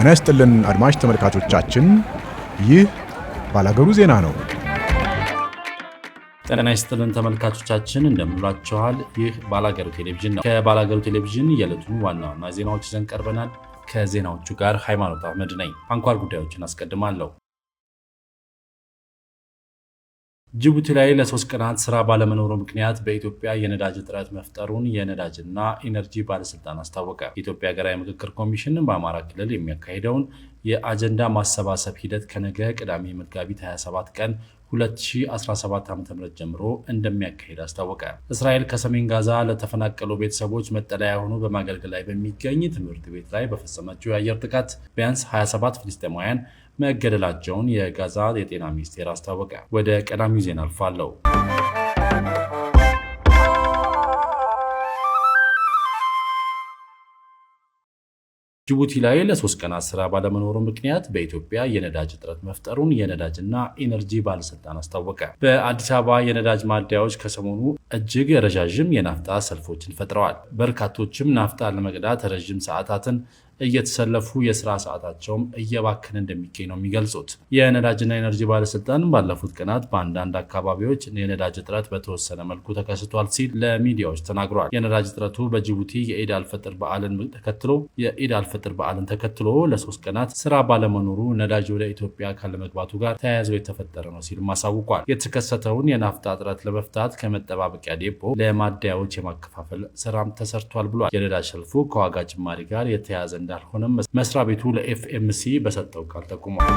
ጤና ይስጥልን አድማጭ ተመልካቾቻችን፣ ይህ ባላገሩ ዜና ነው። ጤና ይስጥልን ተመልካቾቻችን፣ እንደምንላችኋል። ይህ ባላገሩ ቴሌቪዥን ነው። ከባላገሩ ቴሌቪዥን የዕለቱን ዋና ዋና ዜናዎች ይዘን ቀርበናል። ከዜናዎቹ ጋር ሃይማኖት አህመድ ነኝ። አንኳር ጉዳዮችን አስቀድማለሁ። ጅቡቲ ላይ ለሶስት ቀናት ስራ ባለመኖሩ ምክንያት በኢትዮጵያ የነዳጅ እጥረት መፍጠሩን የነዳጅና ኢነርጂ ባለስልጣን አስታወቀ። የኢትዮጵያ ሀገራዊ ምክክር ኮሚሽን በአማራ ክልል የሚያካሂደውን የአጀንዳ ማሰባሰብ ሂደት ከነገ ቅዳሜ መጋቢት 27 ቀን 2017 ዓ.ም ጀምሮ እንደሚያካሂድ አስታወቀ። እስራኤል ከሰሜን ጋዛ ለተፈናቀሉ ቤተሰቦች መጠለያ ሆኖ በማገልገል ላይ በሚገኝ ትምህርት ቤት ላይ በፈጸመችው የአየር ጥቃት ቢያንስ 27 ፍልስጤማውያን መገደላቸውን የጋዛ የጤና ሚኒስቴር አስታወቀ። ወደ ቀዳሚው ዜና አልፋለሁ። ጅቡቲ ላይ ለሶስት ቀናት ስራ ባለመኖሩ ምክንያት በኢትዮጵያ የነዳጅ እጥረት መፍጠሩን የነዳጅና ኢነርጂ ባለስልጣን አስታወቀ። በአዲስ አበባ የነዳጅ ማደያዎች ከሰሞኑ እጅግ ረዣዥም የናፍጣ ሰልፎችን ፈጥረዋል። በርካቶችም ናፍጣ ለመቅዳት ረዥም ሰዓታትን እየተሰለፉ የስራ ሰዓታቸውም እየባከነ እንደሚገኝ ነው የሚገልጹት። የነዳጅና ኤነርጂ ባለስልጣን ባለፉት ቀናት በአንዳንድ አካባቢዎች የነዳጅ እጥረት በተወሰነ መልኩ ተከስቷል ሲል ለሚዲያዎች ተናግሯል። የነዳጅ እጥረቱ በጅቡቲ የኢድ አልፈጥር በዓልን ተከትሎ የኢድ አልፈጥር በዓልን ተከትሎ ለሶስት ቀናት ስራ ባለመኖሩ ነዳጅ ወደ ኢትዮጵያ ካለመግባቱ ጋር ተያያዘው የተፈጠረ ነው ሲልም አሳውቋል። የተከሰተውን የናፍጣ እጥረት ለመፍታት ከመጠባበቂያ ዴፖ ለማደያዎች የማከፋፈል ስራም ተሰርቷል ብሏል። የነዳጅ ሰልፉ ከዋጋ ጭማሪ ጋር የተያያዘ እንዳልሆነም መስሪያ ቤቱ ለኤፍኤምሲ በሰጠው ቃል ጠቁሟል።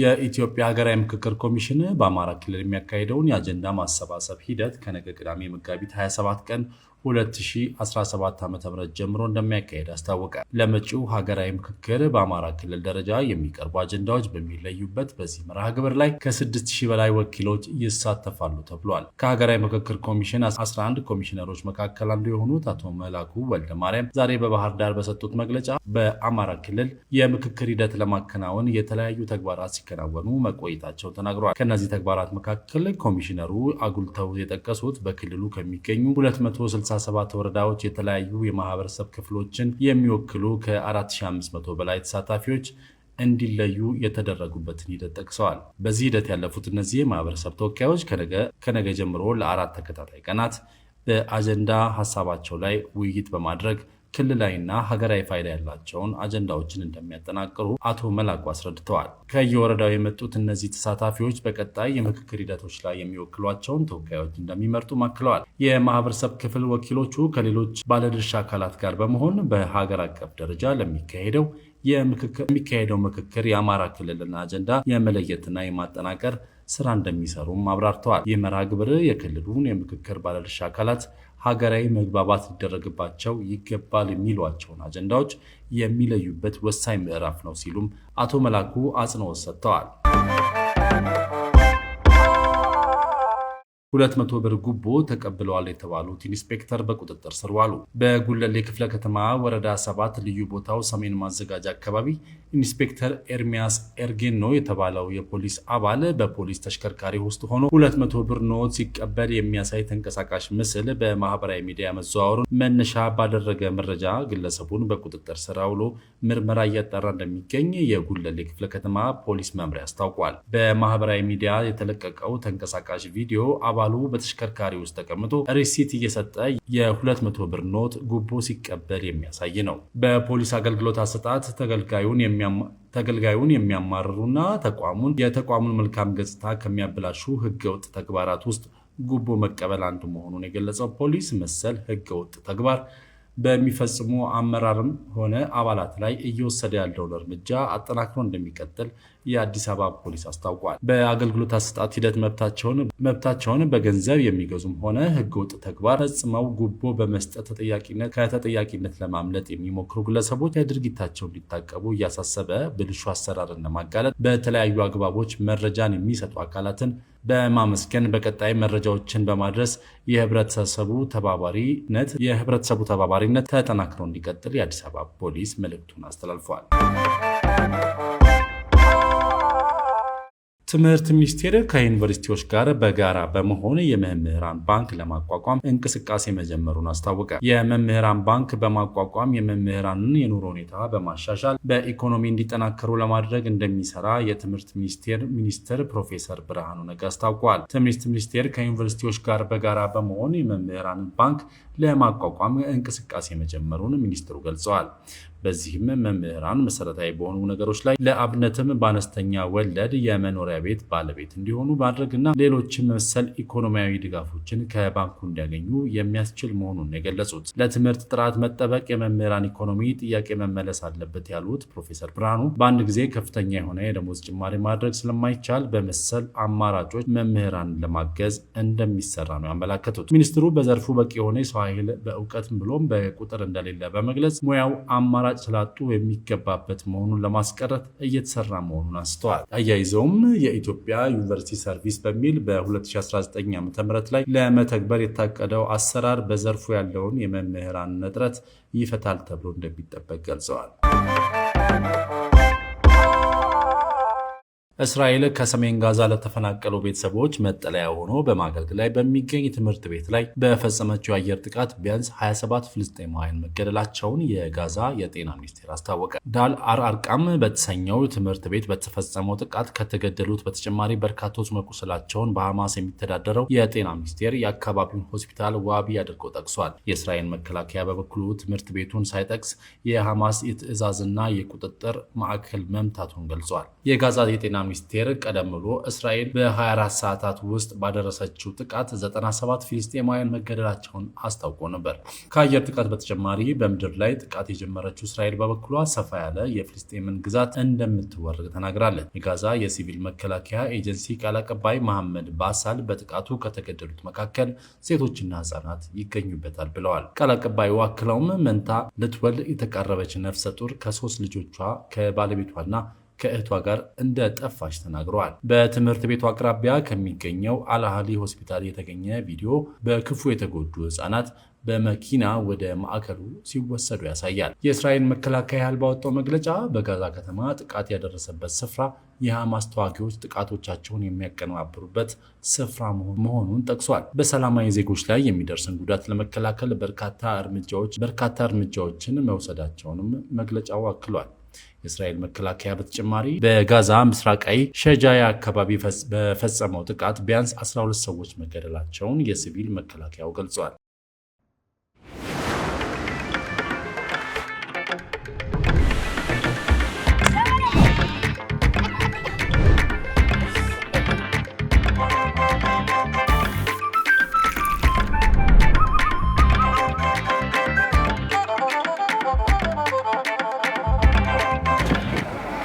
የኢትዮጵያ ሀገራዊ ምክክር ኮሚሽን በአማራ ክልል የሚያካሄደውን የአጀንዳ ማሰባሰብ ሂደት ከነገ ቅዳሜ መጋቢት 27 ቀን 2017 ዓ ም ጀምሮ እንደሚያካሄድ አስታወቀ። ለመጪው ሀገራዊ ምክክር በአማራ ክልል ደረጃ የሚቀርቡ አጀንዳዎች በሚለዩበት በዚህ መርሃ ግብር ላይ ከ6000 በላይ ወኪሎች ይሳተፋሉ ተብሏል። ከሀገራዊ ምክክር ኮሚሽን 11 ኮሚሽነሮች መካከል አንዱ የሆኑት አቶ መላኩ ወልደ ማርያም ዛሬ በባህር ዳር በሰጡት መግለጫ በአማራ ክልል የምክክር ሂደት ለማከናወን የተለያዩ ተግባራት ሲከናወኑ መቆየታቸው ተናግሯል። ከእነዚህ ተግባራት መካከል ኮሚሽነሩ አጉልተው የጠቀሱት በክልሉ ከሚገኙ 260 በ67 ወረዳዎች የተለያዩ የማህበረሰብ ክፍሎችን የሚወክሉ ከ4500 በላይ ተሳታፊዎች እንዲለዩ የተደረጉበትን ሂደት ጠቅሰዋል። በዚህ ሂደት ያለፉት እነዚህ የማህበረሰብ ተወካዮች ከነገ ጀምሮ ለአራት ተከታታይ ቀናት በአጀንዳ ሀሳባቸው ላይ ውይይት በማድረግ ክልላዊና ሀገራዊ ፋይዳ ያላቸውን አጀንዳዎችን እንደሚያጠናቅሩ አቶ መላኩ አስረድተዋል። ከየወረዳው የመጡት እነዚህ ተሳታፊዎች በቀጣይ የምክክር ሂደቶች ላይ የሚወክሏቸውን ተወካዮች እንደሚመርጡ ማክለዋል። የማህበረሰብ ክፍል ወኪሎቹ ከሌሎች ባለድርሻ አካላት ጋር በመሆን በሀገር አቀፍ ደረጃ ለሚካሄደው የሚካሄደው ምክክር የአማራ ክልልን አጀንዳ የመለየትና የማጠናቀር ስራ እንደሚሰሩም አብራርተዋል። ይህ መርሃ ግብር የክልሉን የምክክር ባለድርሻ አካላት ሀገራዊ መግባባት ሊደረግባቸው ይገባል የሚሏቸውን አጀንዳዎች የሚለዩበት ወሳኝ ምዕራፍ ነው ሲሉም አቶ መላኩ አጽንኦት ሰጥተዋል። ሁለት መቶ ብር ጉቦ ተቀብለዋል የተባሉት ኢንስፔክተር በቁጥጥር ስር ዋሉ። በጉለሌ ክፍለ ከተማ ወረዳ ሰባት ልዩ ቦታው ሰሜን ማዘጋጃ አካባቢ ኢንስፔክተር ኤርሚያስ ኤርጌኖ የተባለው የፖሊስ አባል በፖሊስ ተሽከርካሪ ውስጥ ሆኖ ሁለት መቶ ብር ኖት ሲቀበል የሚያሳይ ተንቀሳቃሽ ምስል በማህበራዊ ሚዲያ መዘዋወሩን መነሻ ባደረገ መረጃ ግለሰቡን በቁጥጥር ስር አውሎ ምርመራ እያጣራ እንደሚገኝ የጉለሌ ክፍለ ከተማ ፖሊስ መምሪያ አስታውቋል። በማህበራዊ ሚዲያ የተለቀቀው ተንቀሳቃሽ ቪዲዮ አባ አባሉ በተሽከርካሪ ውስጥ ተቀምጦ ሪሲት እየሰጠ የ200 ብር ኖት ጉቦ ሲቀበል የሚያሳይ ነው። በፖሊስ አገልግሎት አሰጣት ተገልጋዩን ተገልጋዩን የሚያማርሩና ተቋሙን የተቋሙን መልካም ገጽታ ከሚያበላሹ ህገወጥ ተግባራት ውስጥ ጉቦ መቀበል አንዱ መሆኑን የገለጸው ፖሊስ መሰል ህገወጥ ተግባር በሚፈጽሙ አመራርም ሆነ አባላት ላይ እየወሰደ ያለውን እርምጃ አጠናክሮ እንደሚቀጥል የአዲስ አበባ ፖሊስ አስታውቋል። በአገልግሎት አሰጣት ሂደት መብታቸውን በገንዘብ የሚገዙም ሆነ ህገወጥ ተግባር ፈጽመው ጉቦ በመስጠት ከተጠያቂነት ለማምለጥ የሚሞክሩ ግለሰቦች ከድርጊታቸው እንዲታቀቡ እያሳሰበ ብልሹ አሰራርን ለማጋለጥ በተለያዩ አግባቦች መረጃን የሚሰጡ አካላትን በማመስገን በቀጣይ መረጃዎችን በማድረስ የህብረተሰቡ ተባባሪነት የህብረተሰቡ ተባባሪነት ተጠናክሮ እንዲቀጥል የአዲስ አበባ ፖሊስ መልእክቱን አስተላልፏል። ትምህርት ሚኒስቴር ከዩኒቨርሲቲዎች ጋር በጋራ በመሆን የመምህራን ባንክ ለማቋቋም እንቅስቃሴ መጀመሩን አስታወቀ። የመምህራን ባንክ በማቋቋም የመምህራንን የኑሮ ሁኔታ በማሻሻል በኢኮኖሚ እንዲጠናከሩ ለማድረግ እንደሚሰራ የትምህርት ሚኒስቴር ሚኒስትር ፕሮፌሰር ብርሃኑ ነጋ አስታውቋል። ትምህርት ሚኒስቴር ከዩኒቨርሲቲዎች ጋር በጋራ በመሆን የመምህራንን ባንክ ለማቋቋም እንቅስቃሴ መጀመሩን ሚኒስትሩ ገልጸዋል። በዚህም መምህራን መሰረታዊ በሆኑ ነገሮች ላይ ለአብነትም በአነስተኛ ወለድ የመኖሪያ ቤት ባለቤት እንዲሆኑ ማድረግና ሌሎችም መሰል ኢኮኖሚያዊ ድጋፎችን ከባንኩ እንዲያገኙ የሚያስችል መሆኑን የገለጹት ለትምህርት ጥራት መጠበቅ የመምህራን ኢኮኖሚ ጥያቄ መመለስ አለበት ያሉት ፕሮፌሰር ብርሃኑ በአንድ ጊዜ ከፍተኛ የሆነ የደሞዝ ጭማሪ ማድረግ ስለማይቻል በመሰል አማራጮች መምህራንን ለማገዝ እንደሚሰራ ነው ያመላከቱት። ሚኒስትሩ በዘርፉ በቂ የሆነ የሰው ኃይል በእውቀትም ብሎም በቁጥር እንደሌለ በመግለጽ ሙያው አማራጭ አማራጭ ስላጡ የሚገባበት መሆኑን ለማስቀረት እየተሰራ መሆኑን አንስተዋል። አያይዘውም የኢትዮጵያ ዩኒቨርሲቲ ሰርቪስ በሚል በ2019 ዓ ም ላይ ለመተግበር የታቀደው አሰራር በዘርፉ ያለውን የመምህራን እጥረት ይፈታል ተብሎ እንደሚጠበቅ ገልጸዋል። እስራኤል ከሰሜን ጋዛ ለተፈናቀሉ ቤተሰቦች መጠለያ ሆኖ በማገልገል ላይ በሚገኝ ትምህርት ቤት ላይ በፈጸመችው የአየር ጥቃት ቢያንስ 27 ፍልስጤማውያን መገደላቸውን የጋዛ የጤና ሚኒስቴር አስታወቀ። ዳል አር አርቃም በተሰኘው ትምህርት ቤት በተፈጸመው ጥቃት ከተገደሉት በተጨማሪ በርካቶች መቁሰላቸውን በሐማስ የሚተዳደረው የጤና ሚኒስቴር የአካባቢውን ሆስፒታል ዋቢ አድርጎ ጠቅሷል። የእስራኤል መከላከያ በበኩሉ ትምህርት ቤቱን ሳይጠቅስ የሐማስ የትዕዛዝና የቁጥጥር ማዕከል መምታቱን ገልጿል። የጋዛ የጤና ሚኒስቴር ቀደም ብሎ እስራኤል በ24 ሰዓታት ውስጥ ባደረሰችው ጥቃት 97 ፊልስጤማውያን መገደላቸውን አስታውቆ ነበር። ከአየር ጥቃት በተጨማሪ በምድር ላይ ጥቃት የጀመረችው እስራኤል በበኩሏ ሰፋ ያለ የፊልስጤምን ግዛት እንደምትወርቅ ተናግራለች። የጋዛ የሲቪል መከላከያ ኤጀንሲ ቃል አቀባይ መሐመድ ባሳል በጥቃቱ ከተገደሉት መካከል ሴቶችና ህጻናት ይገኙበታል ብለዋል። ቃል አቀባዩ አክለውም መንታ ልትወልድ የተቃረበች ነፍሰ ጡር ከሶስት ልጆቿ ከባለቤቷና ከእህቷ ጋር እንደጠፋች ተናግረዋል። በትምህርት ቤቱ አቅራቢያ ከሚገኘው አልአህሊ ሆስፒታል የተገኘ ቪዲዮ በክፉ የተጎዱ ህጻናት በመኪና ወደ ማዕከሉ ሲወሰዱ ያሳያል። የእስራኤል መከላከያ ያህል ባወጣው መግለጫ በጋዛ ከተማ ጥቃት ያደረሰበት ስፍራ የሐማስ ተዋጊዎች ጥቃቶቻቸውን የሚያቀነባብሩበት ስፍራ መሆኑን ጠቅሷል። በሰላማዊ ዜጎች ላይ የሚደርስን ጉዳት ለመከላከል በርካታ እርምጃዎች በርካታ እርምጃዎችን መውሰዳቸውንም መግለጫው አክሏል። የእስራኤል መከላከያ በተጨማሪ በጋዛ ምስራቃዊ ሸጃያ አካባቢ በፈጸመው ጥቃት ቢያንስ 12 ሰዎች መገደላቸውን የሲቪል መከላከያው ገልጿል።